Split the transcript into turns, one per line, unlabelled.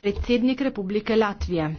predsednik republike latvije.